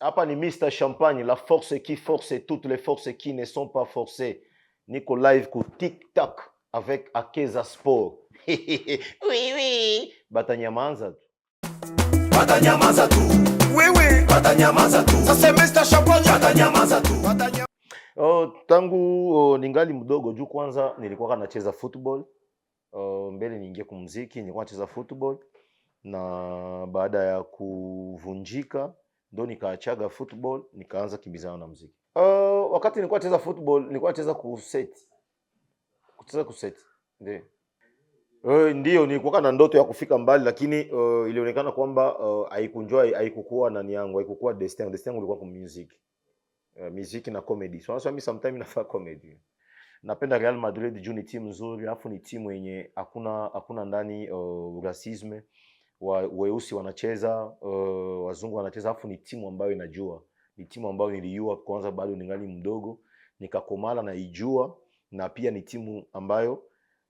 hapa ni Mr Champagne, la force qui force et toutes les forces qui ne sont pas forcées. Niko live ku TikTok avec Akeza Sport. oui, oui. Batanyamanza tu. Batanyamanza tu. Oui, oui. Batanyamanza tu. Sasa Mr Champagne batanyamanza tu. Oh, tangu oh, ningali mdogo juu kwanza nilikuwa nacheza football. Oh, mbele niingie kumziki nilikuwa nacheza football na baada ya kuvunjika ndo nikaachaga football nikaanza kimbizana na muziki. Uh, wakati nilikuwa nacheza football nilikuwa nacheza kuseti, kucheza kuseti eh, ndio Uh, ndio nilikuwa na ndoto ya kufika mbali lakini uh, ilionekana kwamba uh, haikunjoa haikukua nani yangu haikukua destin destiny yangu ilikuwa kwa music. Uh, music na comedy. So sometimes sometimes nafa comedy. Napenda Real Madrid juu ni timu nzuri, alafu ni timu yenye hakuna hakuna ndani uh, racisme wa, weusi wanacheza uh, wazungu wanacheza, afu ni timu ambayo inajua, ni timu ambayo nilijua kwanza bado ningali mdogo nikakomala naijua, na pia ni timu ambayo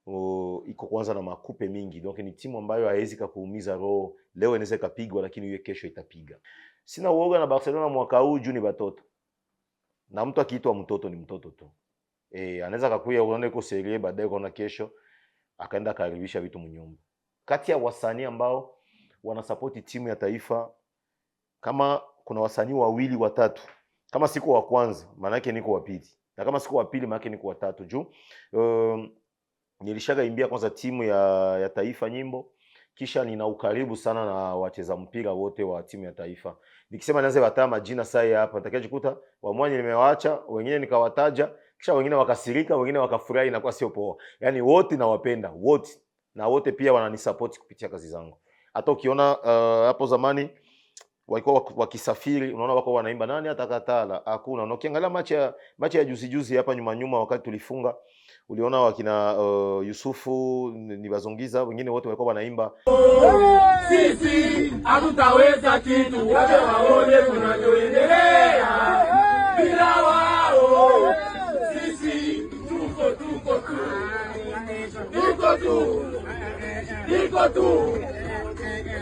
uh, iko kwanza na makupe mingi, donc ni timu ambayo haiwezi kakuumiza roho. Leo inaweza ikapigwa, lakini iwe kesho itapiga. Sina uoga na Barcelona mwaka huu juu ni batoto, na mtu akiitwa mtoto ni mtoto tu. E, anaweza kakuya unaona iko serie baadaye, ukaona kesho akaenda akaribisha vitu mnyumba. Kati ya wasanii ambao wanasapoti timu ya taifa. Kama kuna wasanii wawili watatu, kama siko wa kwanza, maana yake niko wa pili, na kama siko wa pili, maana yake niko wa tatu juu um, nilishaga imbia kwanza timu ya, ya taifa nyimbo kisha nina ukaribu sana na wacheza mpira wote wa timu ya taifa. Nikisema nianze wataa majina sai hapa, nitakayejikuta wamwanya nimewaacha, wengine nikawataja, kisha wengine wakasirika, wengine wakafurahi, inakuwa sio poa. Yani wote nawapenda wote, na wote pia wananisupport kupitia kazi zangu hata ukiona uh, hapo zamani walikuwa wakisafiri, unaona wako wanaimba nani atakatala hakuna. Na ukiangalia machi ya machi ya juzi juzi hapa nyuma nyuma, wakati tulifunga, uliona wakina uh, Yusufu bazongiza wengine wote walikuwa wanaimba sisi hatutaweza kitu, wacha waone tunachoendelea bila wao. Sisi tuko tuko tu tuko tu tuko tu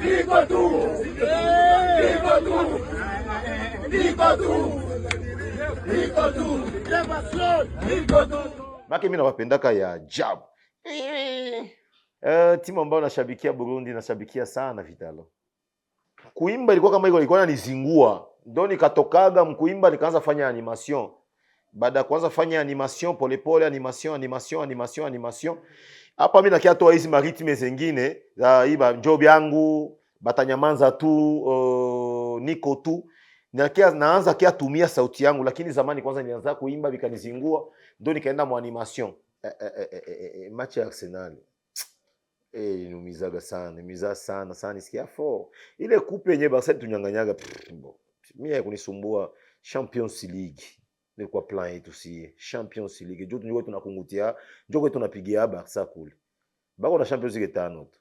niko tu, niko tu, niko tu, niko tu, niko tu. Maki mimi nawapendaka ya ajabu. Uh, timu ambayo nashabikia Burundi, nashabikia sana Vitalo. Kuimba ilikuwa kama iko, ilikuwa nanizingua, ndio nikatokaga mkuimba, nikaanza fanya animation baada ya kuanza fanya animation polepole, animation animation animation animation. Hapa mimi nakia toa hizi maritme zengine za hii banjo yangu batanyamanza tu uh, niko tu nakia, naanza kia tumia sauti yangu, lakini zamani kwanza nianza kuimba vikanizingua, ndio nikaenda mwa animation eh, eh, eh, eh, match ya Arsenal eh inumizaga sana imiza sana sana, sikia fo ile kupe yenyewe Barcelona tunyanganyaga, mimi kunisumbua Champions League nilikuwa plan yetu si Champions League jo tunjo tunakungutia njo kwetu tunapigia Barca kule bako na Champions League tano tu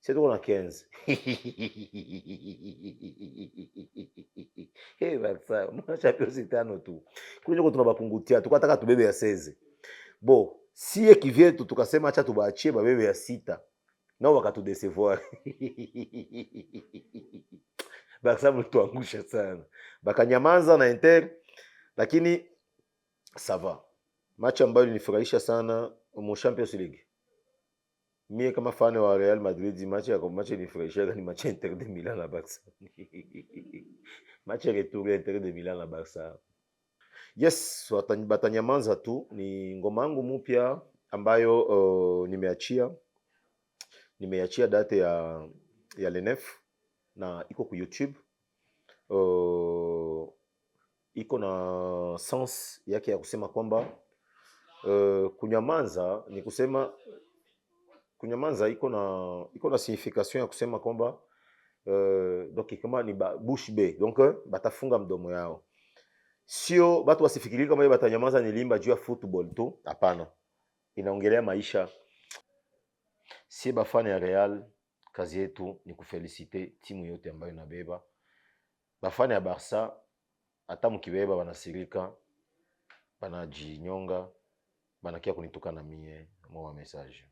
sisi tuko na 15 hey Barca na Champions League tano tu kule njo tunabakungutia tukataka tubebe ya seze. bo sie kivyetu tukasema acha tubaachie babebe ya sita nao wakatudecevoir Barca mtuangusha sana bakanyamaza na Inter lakini sava machi ambayo ilinifurahisha sana mu Champions League mie kama fane wa Real Madrid, machi ya machi ilinifurahisha ni machi Inter de Milan na Barca machi ya retour ya Inter de Milan na Barca. Yes, batanyamanza tu ni ngoma yangu mupya ambayo uh, nimeachia nimeachia date ya ya Lenef na iko ku YouTube uh, iko na sens yake ya kusema kwamba uh, eh, kunyamanza ni kusema kunyamanza iko na iko na signification ya kusema kwamba uh, donc kama ni ba, bush be donc eh, batafunga mdomo yao, sio watu wasifikirie kama ni limba juu ya football tu. Hapana, inaongelea maisha. Si bafane ya Real, kazi yetu ni kufelicite timu yote ambayo inabeba. bafane ya Barca hata mkibeba banasirika, banajinyonga, banakia kunitukana mie mwa message